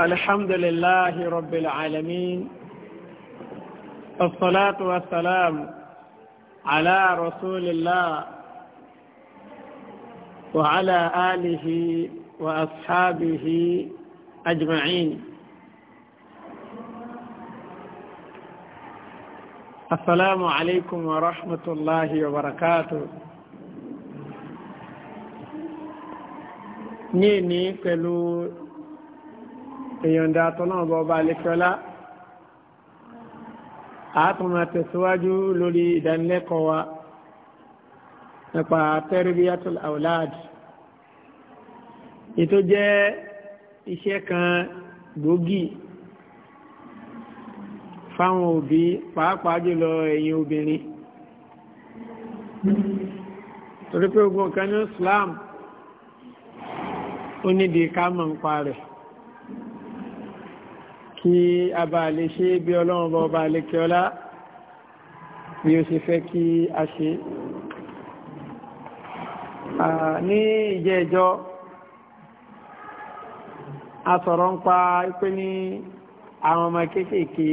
الحمد لله رب العالمين الصلاة والسلام على رسول الله وعلى آله وأصحابه أجمعين السلام عليكم ورحمة الله وبركاته نيني كلو ìyọ̀ǹda tọ́lọ́mọba ọba alẹ́kọ́lá àátùmọ̀ tẹ̀síwájú lórí ìdánilẹ́kọ̀ọ́ wa nípa tẹ́rìbíyàtọ̀ àwòláàdì ètò jẹ́ iṣẹ́ kan gbòógì fáwọn òbí pàápàá jùlọ ẹ̀yin obìnrin torí pé gbogbo nǹkan ní Islam ó nídìí ká mọ̀ ń rẹ̀ kí a bá lè ṣe bí ọlọ́run bọ́ bá lè kíọ́lá bí ó ṣe fẹ́ kí a ṣe ní ìjẹ́ ẹjọ́ a sọ̀rọ̀ ń pa ipé ní àwọn ọmọ kéékèèké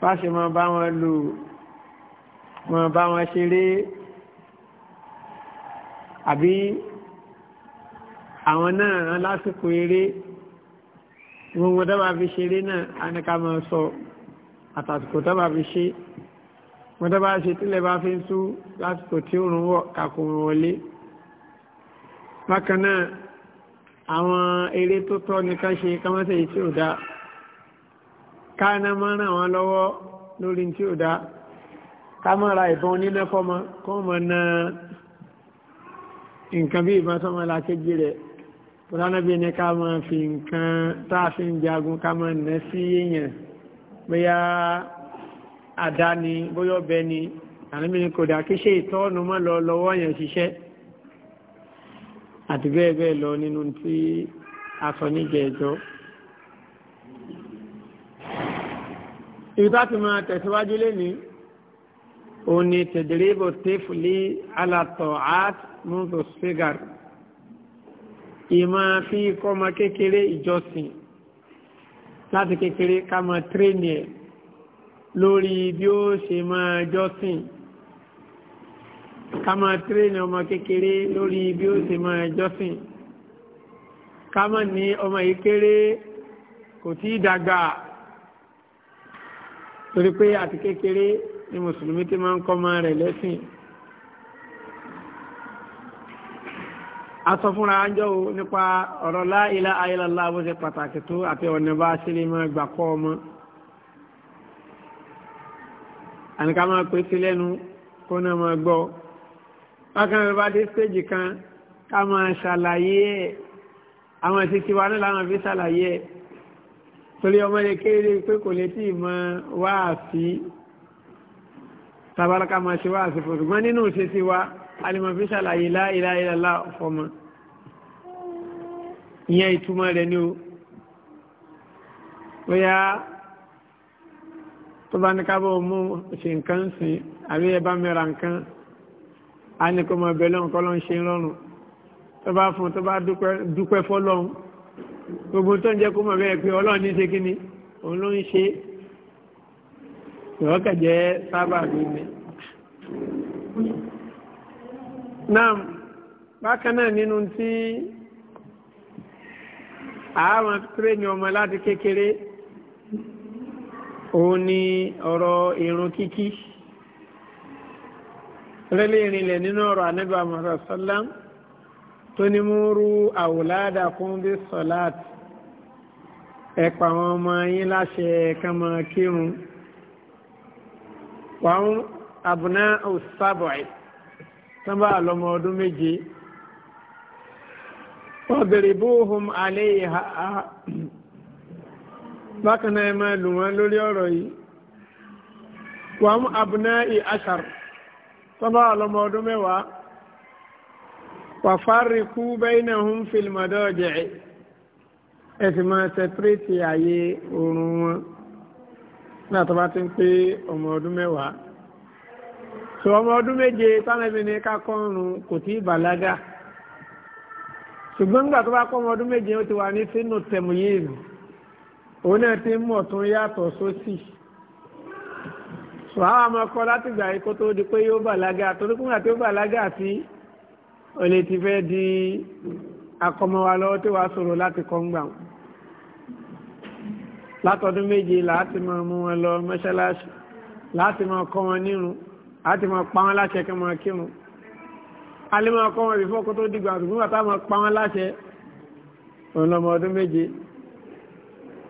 bá ṣe máa bá wọn lò máa bá wọn ṣeré àbí àwọn náà lásìkò eré gbogbo tó bá fi ṣeré náà a ní ká máa sọ àtàsìkò tó bá fi ṣe wọ́n tó bá ṣe tílẹ̀ bá fi ń sú lásìkò tí ó rún wọ̀ kàkó wọlé bákan náà àwọn eré tó tọ́ ní ká ṣe ká má ṣèyí tí ò dá ká náà máa ràn wọ́n lọ́wọ́ lórí tí ò dá ká má ìbọn oníná fọ́mọ mọ̀ náà nǹkan bí ìbọn sọ́mọ làkejì rẹ̀ tọ́lánàbí ní ká máa fi nǹkan táàfí ń jagun ká máa nẹ́ sí èèyàn bóyá àdá ni bóyá ọ̀bẹ ni àníbí ni kò dá kí ṣe ìtọ́ọ̀nù mọ́ lọ lọ́wọ́ yẹn ṣiṣẹ́ àti bẹ́ẹ̀ bẹ́ẹ̀ lọ nínú tí a sọ níjẹ̀ ẹjọ́ ìgbà tí máa tẹ̀síwájú lénìí òun ni tẹ̀dẹ̀rẹ́bù tẹ́fù lé alàtọ̀ art mọ́tò sígàrì ìmọ̀ fi kọ́mọ kékeré ìjọsìn láti kékeré ká mọ tírénì ẹ̀ lórí bí ó ṣe máa jọ́sìn ká mọ tírénì ọmọ kékeré lórí bí ó ṣe máa jọ́sìn ká mọ ní ọmọ yìí kéré kò tí ì dàgbà torí pé àti kékeré ni mùsùlùmí ti máa ń kọ́ ọmọ rẹ̀ lẹ́sìn. aṣọ fúnra àjọ nípa ọ̀rọ̀ láìlá àìlàlá bó ṣe pàtàkì tó àti ọ̀nà bá ṣe lè máa gbà kọ́ ọmọ àníká máa pè sí lẹ́nu kó náà máa gbọ́ bákan bá dé stéèjì kan ká máa ṣàlàyé ẹ̀ àwọn ìtìtì wa náà láwọn fi ṣàlàyé ẹ̀ torí ọmọdé kéré pé kò lè tí ì mọ wáàfí tabaraka máa ṣe wáàfí fún ṣùgbọ́n nínú ìṣesí wa alimọ̀fí ṣàlàyé láìláìlá fọmọ ìyẹn ìtumọ̀ rẹ̀ ni o bóyá tó bá ní kábọ̀ mú ṣe nǹkan sìn àbí ẹ bá mẹ́ra nǹkan á ní kó mọ ẹbẹ lọ́n kọ́ lọ́n ṣe lọ́rùn tó bá fún tó bá dúpẹ́ fọ́lọ́run gbogbo tó ń jẹ́ kó mọ̀ bẹ́ẹ̀ pé ọlọ́run ní ṣe kí ni òun ló ń ṣe ìwọ́kẹ̀jẹ́ sábà mi ni. náà bákan náà nínú tí àwọn tírẹ́nì ọmọ láti kékeré òun ni ọ̀rọ̀ irun kíkí rẹ́lẹ̀ ìrìnlẹ̀ nínú ọ̀rọ̀ anábì amọ̀rọ̀ sọ́lám tó ní mú rú àwòládà fún bí sọ́láàt ẹ̀pà àwọn ọmọ yín láṣẹ kan máa kírun wàhún àbùná òsábọ̀ ẹ̀ bá lọ́mọ ọdún méje fadribuhum alayha bákan náà ẹ máa lù wọ́n lórí ọ̀rọ̀ yìí wà mú abna'i ashar tọ́ba ọlọ́mọ ọdún mẹ́wàá wà farriqu bainahum fil madaji'i ẹ sì máa sẹpírẹ́tì ààyè oorun wọn náà tọ́ba ti ń pé ọmọ ọdún mẹ́wàá sọ ọmọ ọdún méje tánàbí ni ká kò tí ì bàlágà ṣùgbọ́n nígbà tó bá kọ́ ọmọ ọdún méje ó ti wà ní sínú tẹ̀mùyéèmù òun náà ti ń mọ̀ tún yàtọ̀ sósì wàá máa kọ́ láti gbà yìí kó tó di pé yóò bàlágà torí kúńgbà tó bàlágà sí olè ti fẹ́ di akọmọwa lọ́wọ́ tí wàá sọ̀rọ̀ láti kọ́ ń gbà wọn látọdún méje láti máa mú wọn lọ mọ́ṣáláṣí láti máa kọ́ wọn nírun láti máa pa wọn láṣẹ kí wọn kírun alẹ́mọ̀ ọkọ̀ wọn ìfọ́ kó tó dìgbà àtùgbùn àtà mọ̀ pa wọn láṣẹ ọlọ́mọ ọdún méje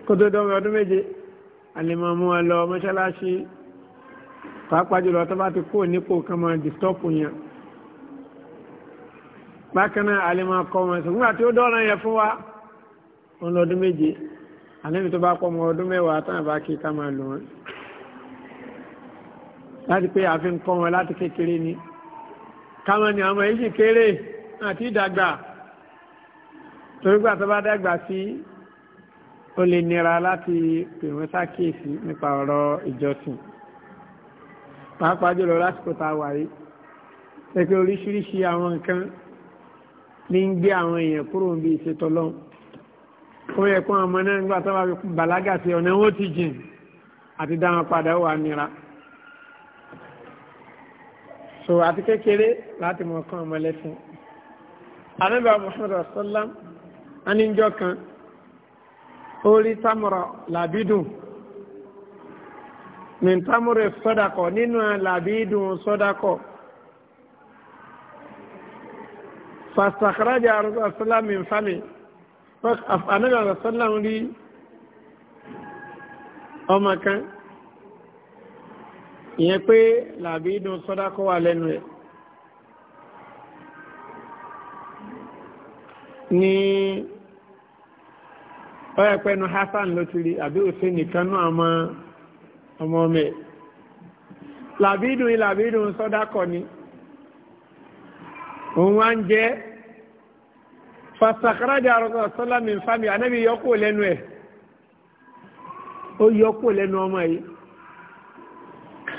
kó tó dọ́mọ ọdún méje alẹ́mọ̀ mú wọn lọ mọ́ṣáláṣí pàápàá jùlọ tó bá ti kó nípò kan mọ́ dìstọ́pù yẹn bákan náà alẹ́mọ̀ ọkọ̀ wọn ṣùgbọ́n àti ó dọ́ọ̀rọ̀ yẹn fún wa ọlọ́dún méje alẹ́mi tó bá pọ̀ mọ́ ọdún mẹ́wàá tán àbá kí ká máa lò wọ́n láti pé àfi ń kọ́ wọn láti kékeré ni káwọn ni àwọn èyí kéré àti ìdàgbà torígbà tó bá dàgbà sí ó lè nira láti pè wọ́n ṣàkíyèsí nípa ọ̀rọ̀ ìjọsìn pàápàá jùlọ lásìkò tá a wà yìí pẹ̀pẹ́ oríṣiríṣi àwọn nǹkan ní ń gbé àwọn èèyàn kúrò níbi ìṣètò lọ́wọ́ ó yẹ kó àwọn ọmọ náà nígbà tó bá bàlágà sí ọ̀nà wọn ti jìn àti dáhùn padà ó wà nira so àti kékeré láti mọ̀ kan ọmọ ẹlẹ́sìn anábà muhammad rasulullah aníjọ kan orí tamura làbídùn ní tamura sọ́dakọ̀ nínú làbídùn sọ́dakọ̀ fasakaraja rasulullah min fami anábà rasulullah rí ọmọ kan ìyẹn pé làbí ìdùn sọ́dá kọ́ wà lẹ́nu ẹ̀ ni ọ̀rẹ́ pẹ́nu Hassan ló ti rí àbí òsín nìkan náà ọmọ ọmọ mẹ́ làbí ìdùn làbí ìdùn sọ́dá kọ́ ni òun wá ń jẹ́ fasakaraja arọ́sọ̀ sọ́lá mi fámi anábì yọkù lẹ́nu ẹ̀ ó yọkù lẹ́nu ọmọ yìí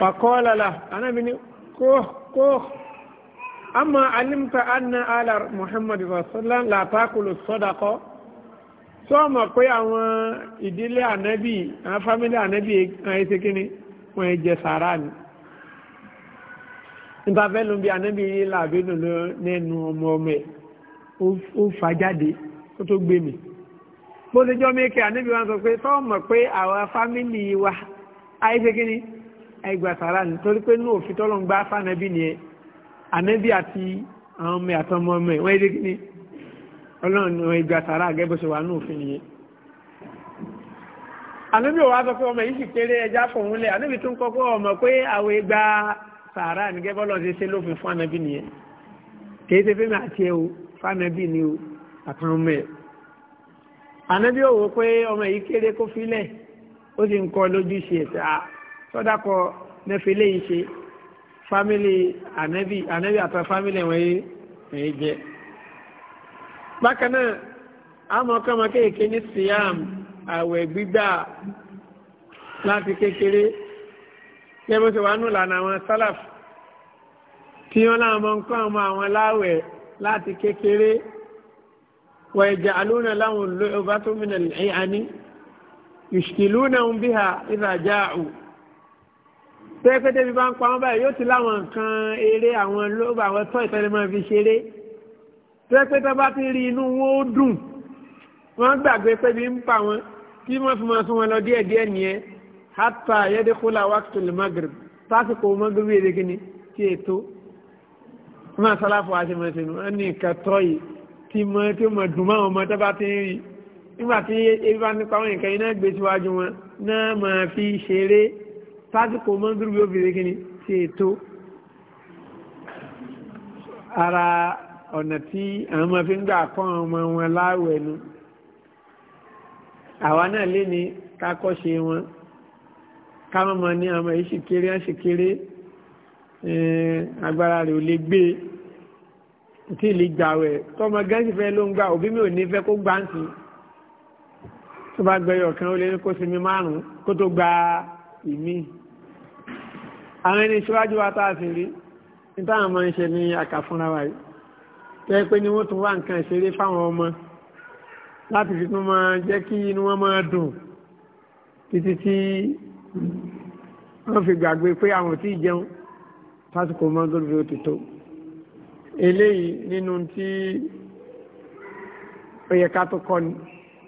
fàkọ́ọ́lọ́lá anábi ni kó amma alimta anna ala muhammadu rasulullah latakulu sọ́dakọ́ tó mọ̀ pé àwọn ìdílé ànábì àwọn fámílì ànábì ẹ̀yẹ́ ti kíni wọ́n ẹ jẹ sàárà ni nípa fẹ́ lóun bí ànábì yìí làbínú lẹ́nu ọmọ ọmọ ẹ̀ ó fà jáde ó tó gbé mi bó ṣe jọ́ mi kí ànábì wọn sọ pé tó mọ̀ pé àwọn fámílì wa ẹ̀yẹ́ ti ẹgbà sàrà torí pé ní òfin tọ́lọ̀ ń gbá ni ẹ ànẹ́bí àti àwọn ọmọ àti ọmọ ọmọ ẹ wọ́n yé ní ọlọ́run ní gẹ́gẹ́ bó ṣe wà ní òfin sọ pé ọmọ yìí sì kéré ẹja fòun lẹ̀ ànẹ́bí tún kọ́ pé ọmọ pé àwọn ẹgbà sàrà gẹ́gẹ́ bọ́lọ́ ṣe ṣe lófin fún ṣe fẹ́mi àti ẹ o ni o àtàwọn ọmọ ẹ. ànẹ́bí pé ọmọ yìí kéré sọ́dákọ̀ nẹ́fẹ̀lẹ́ yìí ṣe fámílì ànẹ́bì ànẹ́bì àtọ́ fámílì ẹ̀wọ̀n yìí jẹ́ bákan náà àmọ́ kọ́mọ kéèké ní siam àwẹ̀ gbígbà láti kékeré lẹ́bọ̀ sí wà nù lànà àwọn sálàf tí wọ́n láwọn mọ́ ń àwọn láwẹ̀ láti kékeré wọ̀ ẹ̀jẹ̀ àlónà láwọn olóòbá tó mìnà ẹ̀yà ní ìṣkìlú náà ń bí ha ìràjá ò pẹ́ẹ́pẹ́tẹ́ bí bá ń pa wọ́n báyìí yóò ti láwọn nǹkan eré àwọn lóba àwọn tọ́ ìtẹ́lẹ̀ máa fi ṣeré pẹ́ẹ́pẹ́tẹ́ bá ti rí inú wọn ó dùn wọ́n gbàgbé pé bí ń pa wọn kí wọ́n fi máa sún wọn lọ díẹ̀díẹ̀ nìyẹn hátà yẹ́dẹ́kọ́lá wákìtì lè magrib sásìkò magrib èdè kìíní tí ètò máa sálàfọ̀ àṣemọ̀ṣẹ́nu wọ́n ní nǹkan tọ́ yìí tí mo tí mo dùn máa wọn mọ́ tẹ́ bá ti ń rí nígbà tí ebi bá nípa wọn nǹkan iná gbé tásìkò mọ́ndúrú yóò fi rí kí ni ti ètò ara ọ̀nà tí àwọn ọmọ fi ń gbà kọ́ àwọn ọmọ wọn láwẹ̀ nu àwa náà lé ní kákọ́ṣe wọn káwọn ọmọ ní àwọn èyí ṣìkéré á ṣìkéré agbára rẹ̀ ò lè gbé tí ì lè gbàwẹ̀ tọmọ gẹ́ǹsì fẹ́ ló ń gbà òbí mi ò ní fẹ́ kó gbáǹtì tó bá gbẹyọ̀ kan ó lé ní kó sinmi márùn-ún kó tó gba ìmíì àwọn ẹni síwájú wa tá a sì rí nítawọn máa ń ṣe ní àkàfúnra wa yìí tó yẹ pé ni wọ́n tún wá nǹkan ìṣeré fáwọn ọmọ láti fi tún máa jẹ́ kí inú wọn máa dùn títí tí wọ́n fi gbàgbé pé àwọn tí ì jẹun tásìkò mọ́ gómìnà òtítọ́ eléyìí nínú tí ó yẹ ká tó kọ́ ni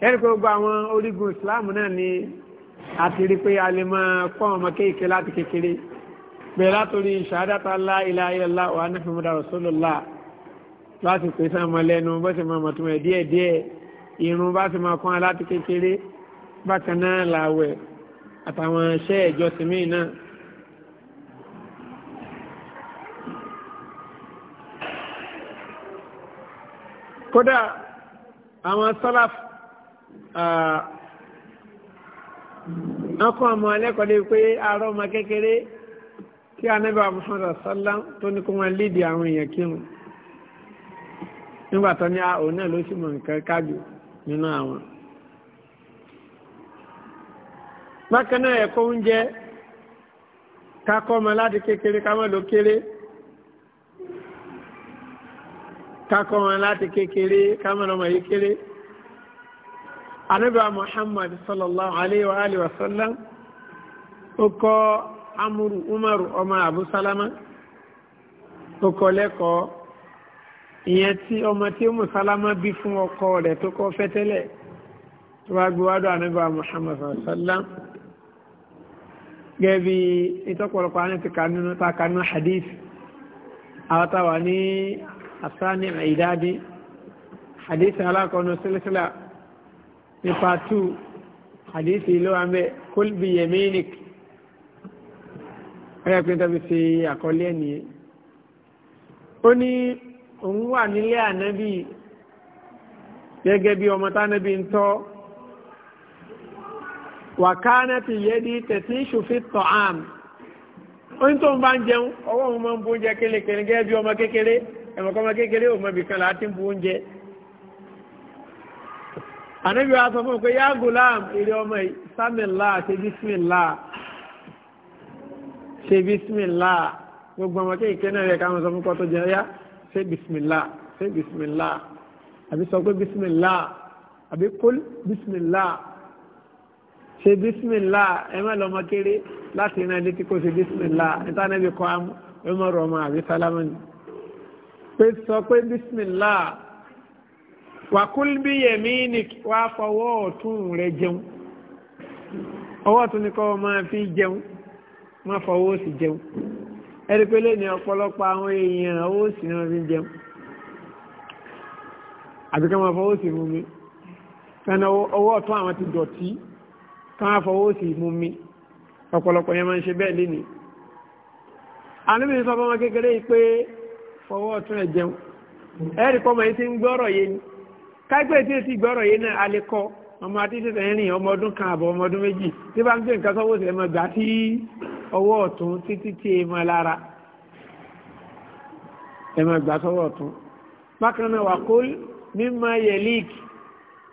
ẹ̀rí pé gbogbo àwọn orígun Islam náà ni àti rí pé a lè máa kọ́ ọmọ kéèké láti kékeré bẹ̀rẹ̀ látòrí ṣàádátà lá ilá ilá wà ní fìmúdà rasulullah láti pèsè àmọ́ lẹ́nu bó ṣe máa mọ̀tún ẹ̀ díẹ̀ díẹ̀ irun bá ṣe máa kún aláti kékeré bákan náà làwẹ̀ àtàwọn iṣẹ́ ìjọsìn míì náà. kódà àwọn sálàf wọn kọ́ àmọ́ alẹ́kọ̀ọ́ lé pé àárọ̀ ọmọ kékeré tí anábì Muhammad sálá tó ní kó wọn léde àwọn èèyàn kírun nígbà tó ní ah, òun náà ló sì mọ nǹkan kájù nínú àwọn. bákan náà ẹ̀kọ́ oúnjẹ kakọ́ ọmọ láti kékeré ká má ló kéré kakọ́ ọmọ láti kékeré ká má lọ́mọ yìí kéré. anábì Muhammad sallallahu alayhi wa sallam ó kọ́ amúrù umaru ọmọ abusalama tó kọ́ lẹ́kọ̀ọ́ ìyẹn tí ọmọ tí umu salama bí fún ọkọ rẹ̀ tó kọ́ fẹ́ tẹ́lẹ̀ tó wá gbé wádùn anábà muhammad sallam gẹ́gẹ́ bí ìtọ́pọ̀lọpọ̀ àwọn ti kanú ta kanú hadith àwọn táwà ní asani ìdádi hadith alákọ̀ọ́nù sílẹ̀sílẹ̀ nípa 2 hadith ìlú àmì kúlbì yeminik ọyọ pé tọ́bi ṣe àkọlé ẹ̀nìyẹn ó ní òun wà nílé ànábì gẹ́gẹ́ bí ọmọ tánábì ń tọ́ wàkánà ti yẹ di tẹ̀sí ṣòfin tọ̀ àm ó ní tó ń bá ń jẹun ọwọ́ òun máa ń bu oúnjẹ kélékèlé gẹ́gẹ́ bí ọmọ kékeré ẹ̀mọ̀kọ́ ọmọ kékeré òun mọ̀bì kan láti ń bu oúnjẹ ànábì wa sọ fún un pé yá gùlám ìrẹ́ ọmọ yìí àti bísímìlá ṣe bísímìlá gbogbo ọmọ kéèké náà rẹ̀ káwọn sọ fún kọ́ tó jẹ ọ́yá ṣe bísímìlá ṣe bísímìlá àbí sọ pé bísímìlá àbí kúl bísímìlá ṣe bísímìlá ẹ má lọ́mọ kéré láti iná ilé tí kò ṣe bísímìlá níta náà bí kọ́ amú ẹ mọ̀ rọ̀ ọmọ àbí sálámù ni. pé sọ pé bísímìlá wà bí yẹmí ni wàá fọwọ́ ọ̀tún rẹ̀ jẹun ọwọ́ ọ̀tún ni kọ́ ọ máa fi jẹun má fọwọ́ òsì jẹun ẹni pé lónìí ọ̀pọ̀lọpọ̀ àwọn èèyàn owó òsì náà fi ń jẹun àbí ká máa fọwọ́ òsì mú mi kánà ọwọ́ ọ̀tún àwọn ti dọ̀tí ká máa fọwọ́ òsì mú mi ọ̀pọ̀lọpọ̀ yẹn máa ń ṣe bẹ́ẹ̀ lénìí àníbi sọ fún ọmọ kékeré yìí pé fọwọ́ ọ̀tún ẹ̀ jẹun ẹ̀rí pọ́mọ yìí ti ń gbọ́rọ̀ yé ni káìpẹ́ tí ó ti gbọ́rọ̀ yé náà alẹ́ kọ́ ọmọ àtìsẹsẹ ń rìn ọmọ ọdún kan àbọ̀ ọmọ ọdún méjì tí bá ń gbé nǹkan sọ́wọ́ sí ẹ máa gbà sí ọwọ́ ọ̀tún títí tí ẹ máa lára ẹ máa gbà sọ́wọ́ ọ̀tún bákan náà wà kó mímọ yẹ líìkì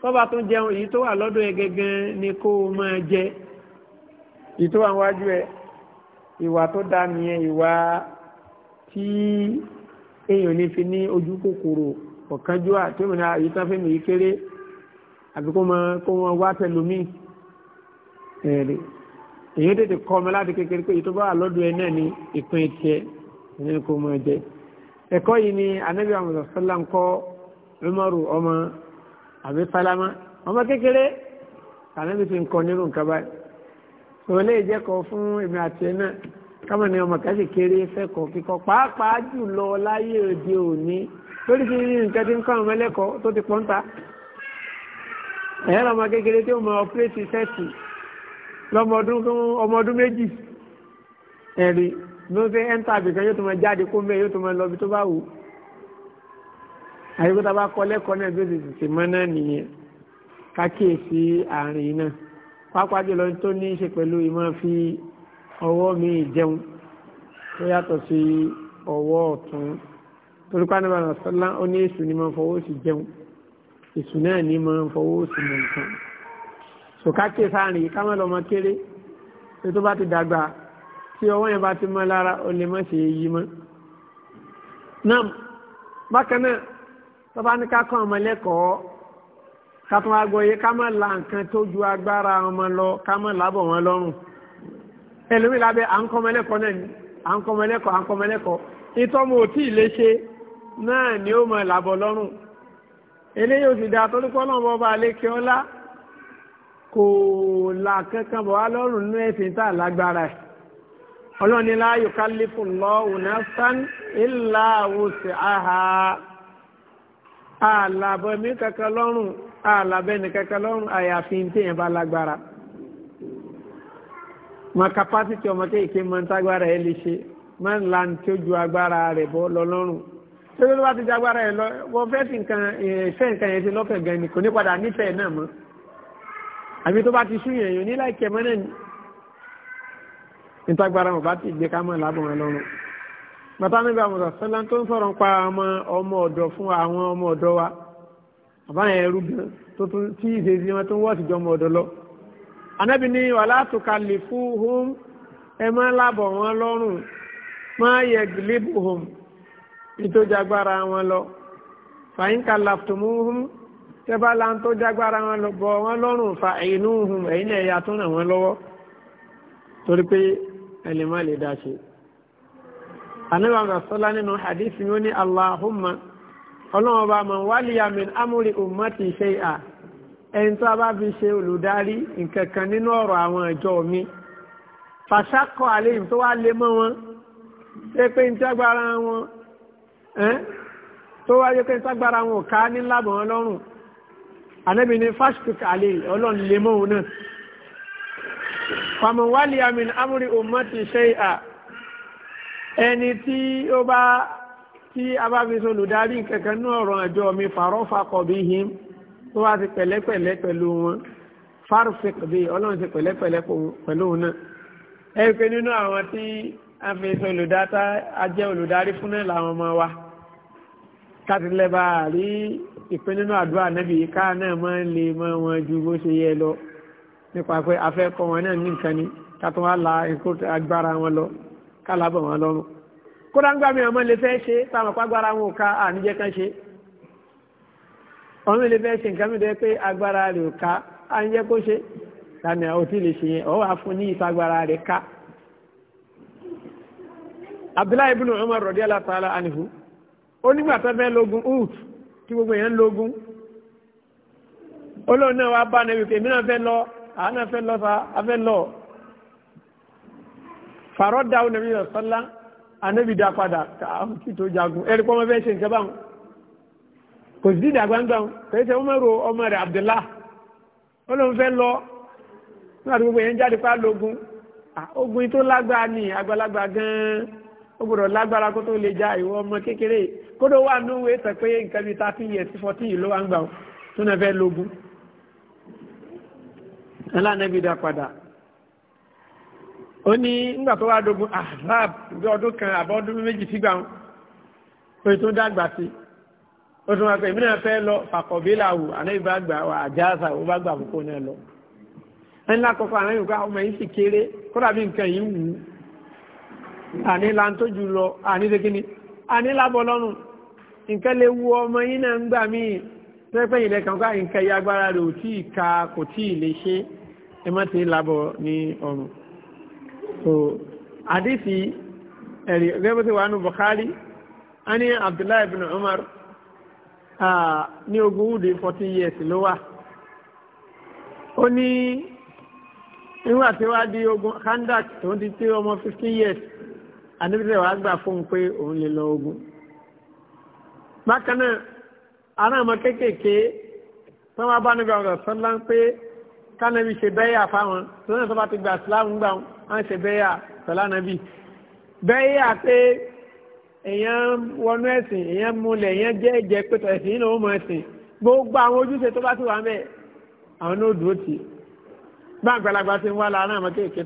tọ́ba tó jẹun èyí tó wà lọ́dọ̀ ẹ gẹ́gẹ́ ni kó o máa jẹ èyí tó wà wájú ẹ ìwà tó dáa nìyẹn ìwà tí èèyàn ní fi ní ojú kòkòrò ọ̀kánjúwà tó mìíràn ah, èyí tó fẹ́ kéré àbí kó máa kó máa wá tẹlomi ẹ̀rí èyí tètè kọ́ ọmọ láti kékeré pé ìtọ́ bá wà lọ́dọ̀ ẹ náà ní ìpín tiẹ̀ ẹ̀yẹ́ kó máa jẹ ẹ̀kọ́ yìí ni anabi amadu sọlá ń kọ́ Umaru ọmọ àbí Salama ọmọ kékeré anabi ti ń kọ́ nínú nǹkan báyìí òun lè jẹ́ kọ́ fún èmi àti ẹ náà kámọ̀ ni ọmọ kẹ́sì kéré fẹ́kọ̀ọ́ kíkọ́ pàápàá jùlọ láyé òde òní lórí kí nǹkan ti ń kọ́ ọmọ ẹlẹ́kọ̀ọ́ tó ti pọ́ńta ẹ̀yẹ́ lọ́mọ kékeré tí ó mọ ọ̀pẹ́rẹ́tì sẹ́ẹ̀tì lọ́mọdún méjì ẹ̀rí ló fẹ́ ẹ́ńtà àbìkan yóò tó mọ jáde kó mẹ́ yóò tó mọ lọ́bi tó bá wù ú àyíkó tá a bá kọ́ lẹ́kọ̀ọ́ náà bí ó ti tètè mọ́ náà nìyẹn kákíyèsí àárín náà pàápàá jùlọ tó ní í ṣe pẹ̀lú ìmọ̀ fi ọwọ́ mi jẹun tó yàtọ̀ sí ọwọ́ ọ̀tún torípàá nígbà náà sọ́lá ó ní èṣù ni mo fọwọ́ sí jẹun èṣù náà ní mọ́ fọwọ́ sí mọ̀ nǹkan ṣòkákè sáàrin káwọn lọmọ kéré tí tó bá ti dàgbà tí ọwọ́ yẹn bá ti mọ́ lára ó lè mọ́ ṣe yí mọ́ náà bákan náà tó bá ní ká kọ́ ọmọ lẹ́kọ̀ọ́ ká tún wá gbọ́ yé ká má la nǹkan tó ju agbára ọmọ lọ ká má lábọ̀ wọn lọ́rùn ẹlòmí lábẹ́ à ń kọ́ ọmọ lẹ́kọ̀ọ́ náà ni à ń kọ́ ọmọ lẹ́kọ̀ọ́ à ń kọ́ ọmọ eléyìí oṣù dà torí pọ́nà bọ́ba àlékè ọlá kò là kankan bọ̀ wá lọ́rùn nínú ẹ̀sìn tá a lágbára ẹ̀ ọlọ́ni la yukallifu Allahu nafsan illa wus'aha àlàbọ̀ mi kankan lọ́rùn àlàbẹ̀ ní kankan lọ́rùn àyàfi téèyàn bá lágbára mọ kapásítì ọmọ kéèké mọ ń ẹ lè ṣe mọ ń la ń agbára rẹ̀ bọ́ lọ́lọ́rùn torí ló bá ti jagbára ẹ̀ lọ wọ́n fẹ́ sí nǹkan ìfẹ́ nǹkan yẹn ti lọ́fẹ̀ẹ́ gan ni kò ní padà nífẹ̀ẹ́ náà mọ́ àbí tó bá ti sún yẹn yòó ní láìkẹ́ mọ́ náà ni nítagbára wọn bá ti gbé ká mọ́ lábọ̀ wọn lọ́rùn bàtà níbi àwọn ọ̀sán lẹ́nu tó ń sọ̀rọ̀ pa ọmọ ọmọ ọ̀dọ̀ fún àwọn ọmọ ọ̀dọ̀ wa bàbá yẹn rú gan tó tún tí ìṣesí wọn tó ń wọ́ síjọ́ ọmọ ọ̀dọ̀ lọ. anábì ní wàhálà tó kalẹ̀ fún hom ẹ máa lábọ̀ wọn lọ́rùn máa yẹ gílébù hom tó jagbára wọn lọ fàyínká làftòmúhùn tẹ́bálà ń tó jagbára wọn lọ bọ̀ wọn lọ́rùn fa ìnúhùn ẹ̀yìn náà ẹ̀yà tó ràn wọn lọ́wọ́ torí pé ẹlẹ́mọ́ lè dá ṣe. àníwá rọ̀sọ́lá nínú hadithi yóò ní aláhùnmá ọlọ́wọ́n bá mọ̀ wálìyà min amúrí ummati shay'a ẹni tó a bá fi ṣe olùdarí nǹkan kan nínú ọ̀rọ̀ àwọn ìjọ mi fàṣàkọ̀ àlẹ́ ìfowó alẹ́ mọ́ wọn ṣé pé ń tẹ́gbára wọn tó wáyé pé ságbára wọn ká ní lábọ̀n ọlọ́run ànábì ní fásitì àlè ọlọ́run lè mọ́ òun náà fàmù wálé amúrí ẹni tí ó bá tí a bá fi sọ olùdarí kankan ní ọ̀rọ̀ àjọ mi fàrọ́fà kọ̀ bí him tó wá sí pẹ̀lẹ́pẹ̀lẹ́ pẹ̀lú wọn farfik bí ọlọ́run sí pẹ̀lẹ́pẹ̀lẹ́ pẹ̀lú òun náà ẹ pé nínú àwọn tí a fi olùdarí kátìlẹ́bà rí ìpín nínú àdúrà nẹ́bì ká náà mọ́ lè mọ́ wọn ju bó ṣe yẹ lọ nípa pé afẹ́kọ́ wọn náà ní nǹkan ni kátó wá la ẹ̀kọ́ agbára wọn lọ kálábọ̀ wọn lọ́rùn kódà ń gbà mí ọmọ lè fẹ́ ṣe táwọn ọ̀pá agbára wọn ò ká àníjẹ́ kan ṣe ọmọ lè fẹ́ ṣe nǹkan mi dẹ́ pé agbára rẹ̀ ò ká àníjẹ́ kó ṣe lànà ò lè ṣe yẹn ọ̀ wá fún ní ìtagbára rẹ̀ ká Abdullahi ibn Umar radiyallahu ta'ala anhu ó nígbà tó fẹ́ lógun ut tí gbogbo èèyàn ń lógun olóòrùn náà wá bá nẹ́bí pé èmi náà fẹ́ lọ àwọn náà fẹ́ lọ fa afẹ́ lọ fàárọ̀ dáwò nẹ́bí lọ sọ́lá anẹ́bí dá padà káàkiri tí tó jagun ẹ̀rí pọ́n fẹ́ ṣe nǹkan báwọn kò sí dídà gbangba kò sí ọmọ rò ọmọ rẹ̀ Abdullah olóòrùn fẹ́ lọ nígbà tí gbogbo èèyàn jáde pa lógun ogun tó lágbára ní àgbàlagbà gan-an ó gbọ́dọ̀ lágbára kó tó lè já ìwọ ọmọ kékeré kódó wà ní òwe tẹ̀ pé nǹkan bíi thirteen years fourteen yìí ló wà ń gbà tó náà fẹ́ lógún ẹlànàbí dá padà ó ní ńgbà tó wá dogun ahzab bí ọdún kan àbọ̀ ọdún méjì sígbà wọn pé tó dàgbà sí ó tún wá pé èmi náà fẹ́ lọ fàkọ̀bílà wò ànábì bá gbà wà àjáàsà ó bá gbà àbùkù náà lọ ẹni lákọ̀ọ́kọ́ ànábì bá ah, ọmọ yìí sì kéré kódà bí nǹkan yìí wù ú àní lantójú lọ àní ṣe àní lábọ̀ lọ́rùn nǹkan lè wu ọmọ yín náà ń gbà mí pẹ́pẹ́ yìí lẹ́kàn ká nǹkan ya agbára rẹ̀ ò tí ka kò tí lè ṣe ẹ má ti labọ̀ ní ọrùn. so àdìsí ẹ̀rí gẹ́gẹ́ tí wàá nu Bukhari a ní Abdullahi bin Umar ní ogun wúde fourteen years ló wà ó ní nígbà tí wàá di ogun Khandak tó ń di tí ọmọ fifteen years àdìsí wàá gbà fún un pé òun lè lọ ogun bákan náà ará ọmọ kéékèèké tó wá bá níbi ọ̀rọ̀ sọ́lá ń pé kánàbí ṣe bẹ́yà fáwọn tó náà tó bá ti gbà síláàmù gbà wọ́n ṣe bẹ́yà sọ́lá nàbí bẹ́yà pé èèyàn wọnú ẹ̀sìn èèyàn múlẹ̀ èèyàn jẹ́ ẹ̀jẹ̀ pẹ̀tọ̀ ẹ̀sìn nínú ọmọ ẹ̀sìn gbogbo àwọn ojúṣe tó bá ti wà mẹ́ àwọn náà dúró tì bá àgbàlagbà ti ń wá láàárín àwọn kéèké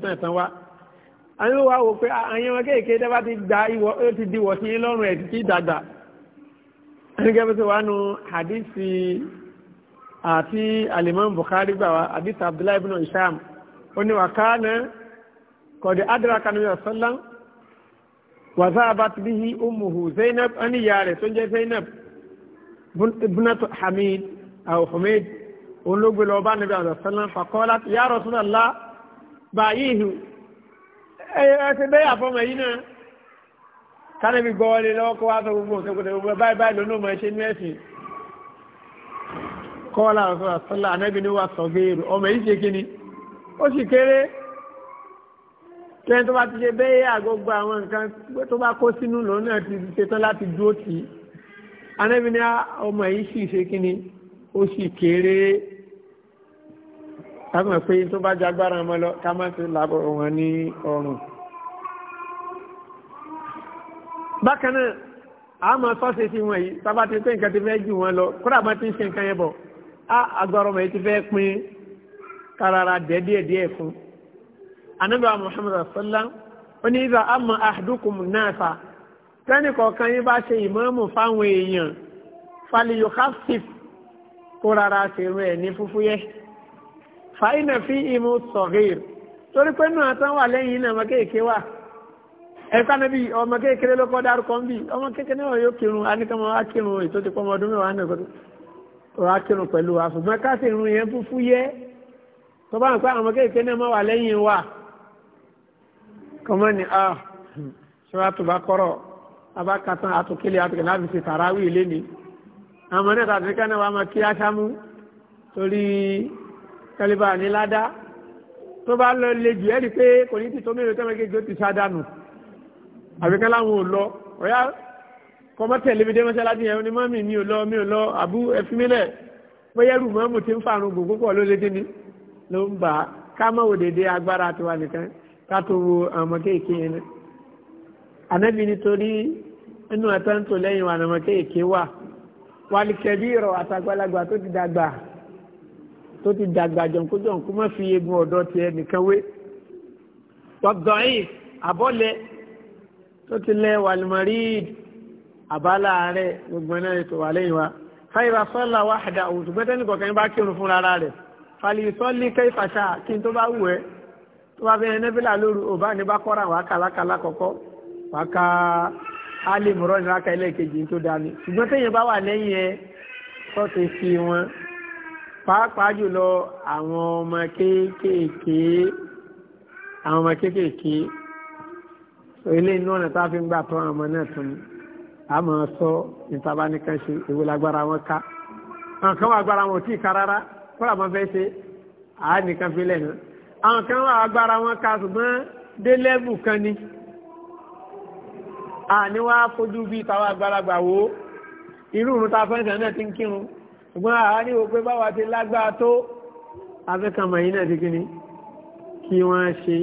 tán ẹ̀ gẹ́gẹ́ bí ti wà nù hadisi àti alimam Bukhari gbà wá hadisi Abdullahi ibn Isham ó ní wà káàna kọ̀dí adraka nabi sallam wa zahabat bihi ummuhu Zainab ẹni ìyá rẹ̀ tó ń jẹ́ Zainab bunatu Hamid aw Humid òun ló gbé lọ bá nabi sallam faqalat ya Rasulallah báyìí ẹ ẹ ti bẹ́ẹ̀ àfọmọ yìí náà kánàbí gbọ́wọ́lé lọ́wọ́ kó wá sọ gbogbo òṣèkòtò gbogbo báyìí báyìí lónà mọ̀ ṣe ní ẹ̀sìn kọ́ọ̀lá ọ̀sán àtọ́lá anábì ní wà sọ̀gbéèrò ọmọ yìí ṣe kíni ó sì kéré tẹ́ni tó bá ti ṣe bẹ́ẹ̀ àgógó àwọn nǹkan tó bá kó sínú lòun náà ti ṣetán láti dúró tì í anábì ní ọmọ yìí sì ṣe kíni ó sì kéré ká pé tó bá jagbára ọmọ lọ ká ti làbọ̀ wọn ní ọrùn. bákan náà àmọ́ sọ́ọ̀sì ti wọ̀nyí sábà ti pé nǹkan ti fẹ́ jù wọn lọ kódà máa ti ń ṣe nǹkan yẹn bọ̀ á agbára ọmọ yìí ti fẹ́ pín karara dẹ́ díẹ̀ díẹ̀ fún. anábì wa muhammadu sallam ó ní ìzà àmọ́ àdúkùm náà sà tẹ́nì kọ̀ọ̀kan yín bá ṣe ìmọ̀ọ́mù fáwọn èèyàn faliyo hafsif kó rárá ṣèrú ẹ̀ ní fúfúyẹ́ fàínà fi ìmú sọ̀gẹ́r torí pé náà tán wà lẹ́yìn náà mọ́ kéèké wà ẹ̀sánẹ́bí ọmọ kékeré ló kọ́ dárúkọ ń bí ọmọ kékeré náà yóò kírun aníkàmọ́ á kírun ètò ti pọ́mọ ọdún mẹ́wàá náà kọ́ á kírun pẹ̀lú wa ṣùgbọ́n káṣí irun yẹn fúfú yẹ tó bá ń pẹ́ ọmọ kékeré náà mọ́ wà lẹ́yìn wa kọ́mọ́ ni a ṣé wàá tùbá kọ́rọ̀ abákatán àtòkélé àtòkélé láti fi tàràwì ilé ni àmọ́ náà tàbí kánà wàá máa kí aṣámú torí kẹlẹ́bà ní ládá tó bá lọ lè àbíkán láwọn ò lọ ọ̀yá kọ́mọ́tẹ̀ lébi dé yẹn ni mọ́mì mi ò lọ mi ò lọ àbú ẹ̀fínmílẹ̀ pẹ́yẹ́rù mọ́mù ti ń fàrùn gùn púpọ̀ ló lé dínní ló ń bà á ká mọ́ wò dédé agbára tiwa nìkan ká tó wo ọmọ kéèké yẹn ní. ànábì nítorí inú ẹ̀tọ́ ń tò lẹ́yìn wọn kéèké wà wàlìkẹ́bí rọ̀ àtàgbàlagbà tó ti dàgbà tó ti dàgbà jọ̀ǹkú mọ́ fi eegun ọ̀dọ́ tiẹ̀ nìkan wé. wọ́n yìí àbọ̀lẹ̀ tó ti lẹ wàlùmọ̀ríd àbálà rẹ̀ gbogbo náà ètò wà lẹ́yìn wa fáyìbá sọ́là wàhádà òṣùgbẹ́tẹ́ nìkan kan bá kírun fún rárá rẹ̀ fàlì sọ́lì kẹfàṣà kí n tó bá wù ẹ́ tó bá fẹ́ nẹ́fìlà lóru òbá ní bá kọ́ra wàá kàlákàlá kọ́kọ́ wàá ká alẹ́ mọ̀rọ́ ní ráka ẹlẹ́ẹ̀kejì tó dání ṣùgbọ́n téèyàn bá wà lẹ́yìn ẹ tó ti fi wọn pàápàá jùlọ àwọn ọmọ kéékèèké àwọn ọmọ kéékèèké ilé inú ọ̀nà tá a fi ń gbà tọ́ àwọn ọmọ náà tún ni a máa sọ ìtabánikan ṣe ìwé lágbára wọn ká àwọn kan wà agbára wọn tí ì ká rárá kọ́lá máa fẹ́ ṣe àá nìkan fi lẹ̀ náà àwọn kan wà agbára wọn ká ṣùgbọ́n dé lẹ́bù kan ni àní wá fojú bí táwọn àgbàlagbà wò irú ìrun tá a fẹ́ sẹ́yìn náà ti ń kírun ṣùgbọ́n àá ní òpé báwa ti lágbára tó afẹ́kànmọ̀ yìí náà ti kíni kí wọ́n ṣe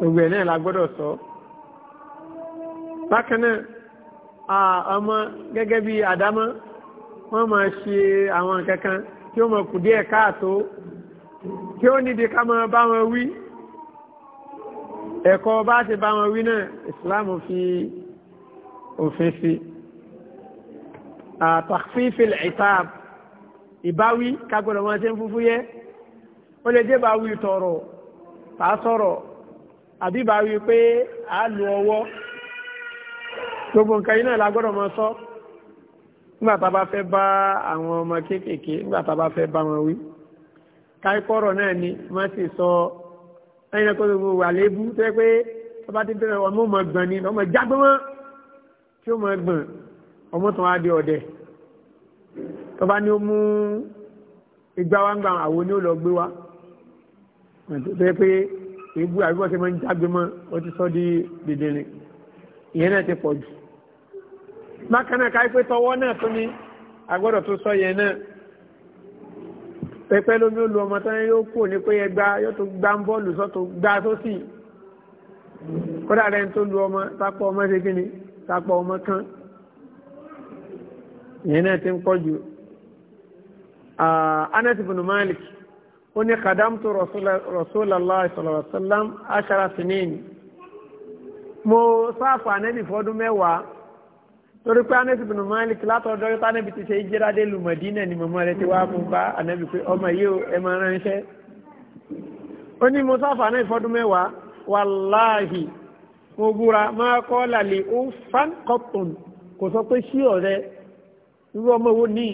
gbogbo náà la gbọ́dọ̀ sọ bákan náà ọmọ gẹ́gẹ́ bí àdámọ́ wọ́n máa ṣe àwọn kankan tí ó mọ̀ kù díẹ̀ káàtó tí ó nídi ká máa bá wọn wí ẹ̀kọ́ bá ti bá wọn wí náà ìsìláàmù fi òfin sí àtàkfífìl ìtaab ìbáwí ká gbọ́dọ̀ ṣe ń fúfú yẹ́ ó lè jẹ́ bá wí tọ̀rọ̀ tàá àbíbà wí pé a lu ọwọ́ gbogbo nǹkan iná la gbọ́dọ̀ mọ sọ nígbà tá a bá fẹ́ bá àwọn ọmọ kéékèèké nígbà tá a bá fẹ́ bá wọn wí káíkọ́rọ̀ náà ni má sì sọ ẹyin náà kó tó gbogbo àléébù tó yẹ pé tó bá ti bẹ̀rẹ̀ ọmọ ọmọ gbọ̀n ni ọmọ jágbọ́n wọn tí ó mọ gbọ̀n ọmọ tó wá di ọ̀dẹ̀ tó bá ní ó mú igba wa ń gbà àwọn oní ò lọ gbé wa tó yẹ pé èébú àbí wọ́n ṣe máa ń jágbe mọ́ wọ́n ti sọ di dèdèrè ìyẹn náà ti pọ̀ jù. bákan náà káyí pé tọwọ́ náà tún ní agbọ́dọ̀ tó sọ yẹn náà pẹpẹ lómi olú ọmọ tán yóò kú ní pé ẹgbà yóò tó gbá ń bọ́ọ̀lù sọ́tò gbá sósì kódà rẹ̀ ń tó lu ọmọ tápọ̀ ọmọ ṣe kí ni tápọ̀ ọmọ kan ìyẹn náà ti ń pọ̀ jù ah, Anas ibn Malik ó ní kàdámtò rọ̀sọ́lọ́lá ìsọ̀lọ̀sọ́lám aṣara sinin mo sáàfù anẹ́bì fọdún mẹ́wàá torí pé anẹ́bì bìnnú malik látọ̀dọ́ yóò tánẹ́bì ti ṣe ìjírádé lu mọ̀dínà ni mọ̀mọ́ rẹ ti wá fún bá anẹ́bì pé ọmọ yìí ó ẹ máa ránṣẹ́ ó ní mo sáàfù anẹ́bì fọdún mẹ́wàá wàláhì mo búra máa kọ́ làlẹ́ ó fan cotton kò sọ pé sí ọ̀rẹ́ irú ọmọ wo ní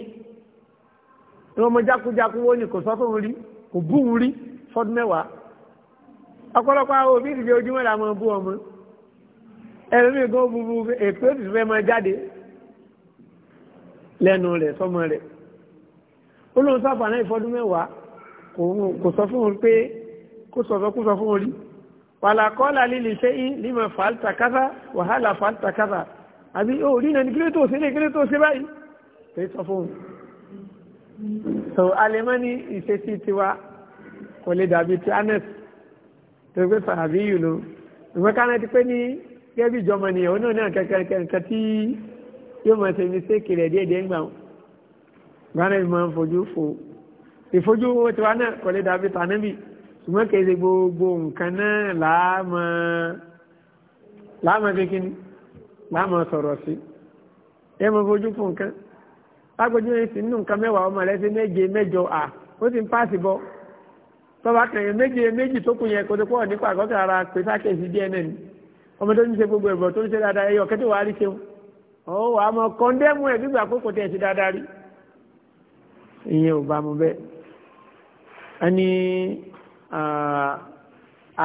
ọmọ jákujáku wo ni kò sọ fún rí kò búhun rí fọ́dún mẹ́wàá ọ̀pọ̀lọpọ̀ àwọn òbí ìdíje ojúmọ́ la máa bú ọmọ ẹlòmí gan bubu èpè ó sì fẹ́ máa jáde lẹ́nu rẹ̀ sọ́mọ rẹ̀ ó lóun sáfà náà ìfọ́dún mẹ́wàá kò sọ fún un pé kó sọ fún un rí lima fàáltà kásá wàhálà fàáltà kásá àbí ó rí náà ní kílé tó ṣe lé kílé tó ṣe báyìí so Alemani ní ìṣesí tiwa kò lè dàbí ti anes tó gbé sàbí yìí lò ìwé kánẹ́ ti pé ní gẹ́gẹ́ bí ìjọba nìyẹn òun náà ní àkẹ́kẹ́ nǹkan tí yóò máa ṣe ní séèkì rẹ̀ díẹ̀díẹ̀ ń gbà wọn gbàrẹ́ mi máa ń fojú fo ìfojú owó tiwa náà kò lè dàbí tànẹ́bì ṣùgbọ́n kèsè gbogbo nǹkan náà láàmà láàmà kékeré láàmà sọ̀rọ̀ sí ẹ máa fojú fo nǹkan lágbójú yẹn sì nínú nǹkan mẹ́wàá ọmọ rẹ ṣe méje mẹ́jọ à ó sì ń páàsì bọ́ tọ́ba kẹ̀yìn méje méjì tó kù yẹn kó tó pọ̀ nípa àkọ́kẹ́ ara pé sákèsí díẹ̀ náà ni ọmọ tó ń ṣe gbogbo ẹ̀bọ̀ tó ń ṣe dáadáa ẹyọ kẹ́tẹ́ wàá rí ṣeun ọ̀ wà á mọ kọ́ndẹ́mù ẹ̀ gbígbà pé kò tẹ̀ ṣe dáadáa rí ìyẹn ò bá mu bẹ́ẹ̀ a ní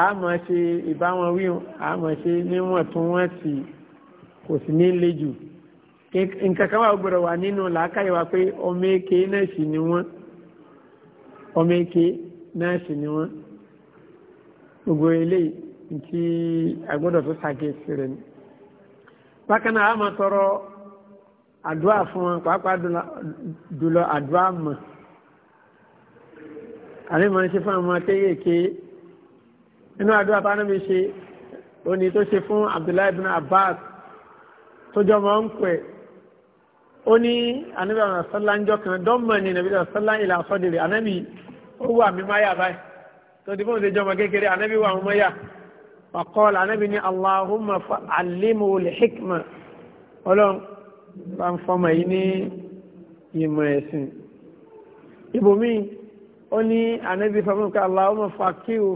àmọ́ ṣe ìbáwọn wíhun àmọ́ ṣe níwọ̀ntúnwọ̀nsì kò sí ní le jù nǹkan kan wà gbọ́dọ̀ wà nínú làákàyè wa pé ọmọ èké náà sì ni wọ́n ọmọ èké náà sì ni wọ́n gbogbo eléyìí tí a gbọ́dọ̀ tó ṣàkíyèsí rẹ̀ ni. bákan náà a máa tọrọ àdúrà fún wọn pàápàá jùlọ àdúrà mọ̀ àmì máa ń ṣe fún àwọn akéyèké nínú àdúrà bá mi ṣe òní tó ṣe fún Abdullahi ibn Abbas tó jọ máa ń pẹ̀ ó ní anábì àwọn asọ́lá ń jọkàn dọ́mọ̀ ní nàbí asọ́lá ìlà àsọ́dẹ̀rẹ̀ anábì ó wà mí máyà báyìí tó ti fóun ṣe jọmọ kékeré anábì wà mí máyà wàkọ́ọ̀lù anábì ní aláhùnmá alimu olùhíkmà ọlọ́run bá ń fọmọ yìí ní ìmọ̀ ẹ̀sìn ibòmí ó ní anábì fọmọ kí aláhùnmá fàkíhù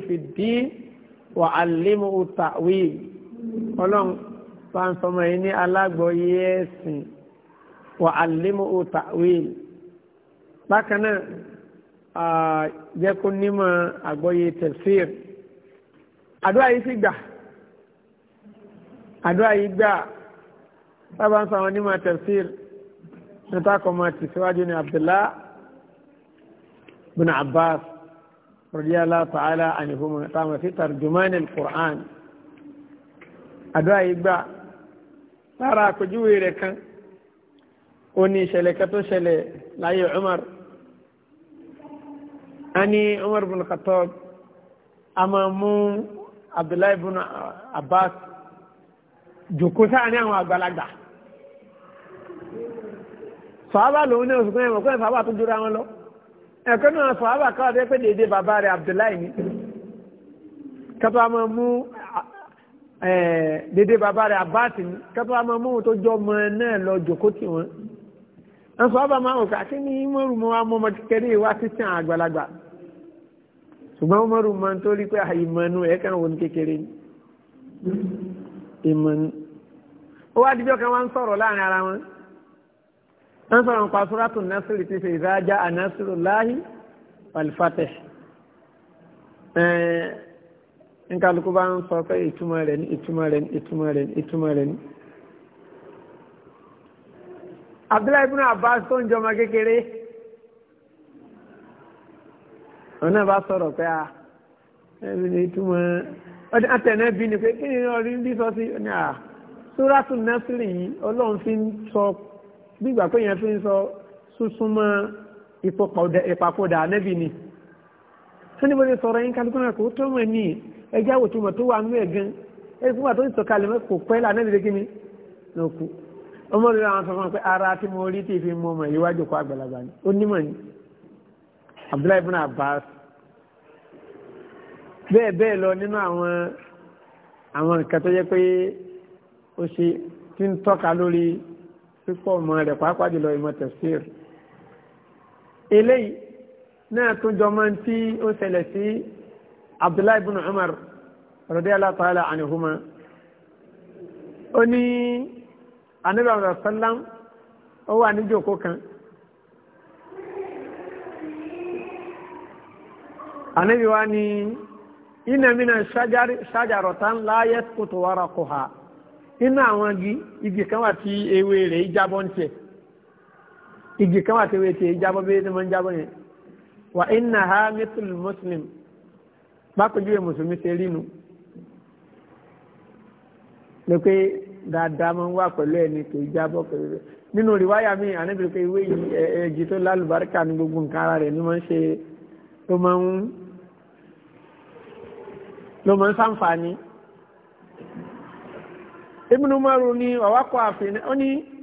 wà allimuhu ta'wil bákan náà jẹ́ kó nímọ̀ àgbọ́yé tafsir àdúrà yìí sì gbà àdúrà yìí gbà sábà ń sọ àwọn onímọ̀ tafsir níta kọ́ máa tẹ̀síwájú ní Abdullah bin Abbas radiyallahu ta'ala anhuma táwọn sí tarjuman al àdúrà yìí gbà lára àpèjúwe rẹ̀ kan ó ní ìṣẹ̀lẹ̀ kan tó ṣẹlẹ̀ láyé Umar a ní Umar bin Khattab a máa mú Abdullahi bin Abbas jòkó sáà ní àwọn àgbàlagbà sọ̀hábà lòun náà ṣùgbọ́n ẹ̀mọ̀ kọ́ni sọ̀hábà tó jura wọn lọ ẹ̀kọ́ náà sọ̀hábà káwọn tẹ́ pé déédéé bàbá rẹ̀ Abdullahi ni kátó a máa mú déédéé bàbá rẹ̀ Abbas ni kátó a máa mú tó jọ ọmọ náà lọ jòkó tì wọn sọ ọba máa wò ká kí ni mọ́rù mọ́ wa mọ́ ọmọ kékeré wa ti tẹ̀ àgbàlagbà ṣùgbọ́n mọ́rù mọ́ nítorí pé ìmọ̀nù ẹ̀ kàn wọ́n kékeré ni ìmọ̀nù. ó wá díjọ́ kan wá ń sọ̀rọ̀ láàrin ara wọn wọ́n sọ̀rọ̀ nípa sóràtù násìrì ti ṣe ìdájá ànásìrì láàyè pàlífàtẹ̀ ẹ̀ẹ́n nkàlùkù bá ń sọ pé ìtumọ̀ rẹ̀ ní ìtumọ̀ rẹ̀ ní ìtumọ̀ rẹ̀ ní ìtumọ̀ rẹ̀ ní. Abdullahi ibn Abbas tó ń jọmọ kékeré òun náà bá sọ̀rọ̀ pé a ah, ẹbí ni túmọ̀ ọdún àtẹ̀nà bí ni pé kí ni ọrí ń bí sọ sí ní à ah, Suratul Nasri yìí ọlọ́run fi ń sọ gbígbà pé yẹn fi ń sọ súnsúnmọ́ ìpapòdà ànábì ni sani bóde sọ̀rọ̀ yín kálukú náà kò tó mọ̀ ní ẹjẹ́ àwòtúmọ̀ tó wà nú ẹ̀ gan ẹ̀ fún wa tó ń sọ kalẹ̀ mọ́ kò ni lọ́kù ọmọ rẹ̀ àwọn sọmọ pé ara tí mo rí tí fi mú ọmọ ìwájú kọ àgbàlagbà ni ó nímọ̀ ni Abdullahi ibn Abbas bẹ́ẹ̀ bẹ́ẹ̀ lọ nínú àwọn àwọn nǹkan tó jẹ́ pé ó ṣe tí ń tọ́ka lórí pípọ̀ ọmọ rẹ̀ pàápàá jùlọ ìmọ̀ tafsir eléyìí náà tún jọ máa ń tí ó ṣẹlẹ̀ sí Abdullahi ibn Umar radiyallahu ta'ala anhuma ó ní anabi àwọn sọlám ó wà níjókòó kan anabi wa ni iná mìíràn ṣájàrọ̀tà ńlá yẹ́sùkùtù wàrà kò ha inú àwọn igi igi kan wà tí ewé rẹ̀ ìjábọ̀ ń tiẹ̀ igi kan wà tí ewé tiẹ̀ ìjábọ̀ bí ẹni máa ń jábọ̀ yẹn wà iná ha mẹ́tìlì mùsùlùm bákojú ẹ̀ mùsùlùmí ṣe rí nu lè pé dáadáa máa ń wà pẹ̀lú ẹni tó jábọ́ pẹ̀lú rẹ̀ nínú rìwáyà mi ànábìrì pé ìwé yìí ẹ̀ẹ́dì tó lálùbáríkà ní gbogbo nǹkan ara rẹ̀ ni máa ń ṣe tó máa ń ló máa ń sáǹfààní. Ibn Umaru ni ọ̀wákọ̀ àfihàn ó ní.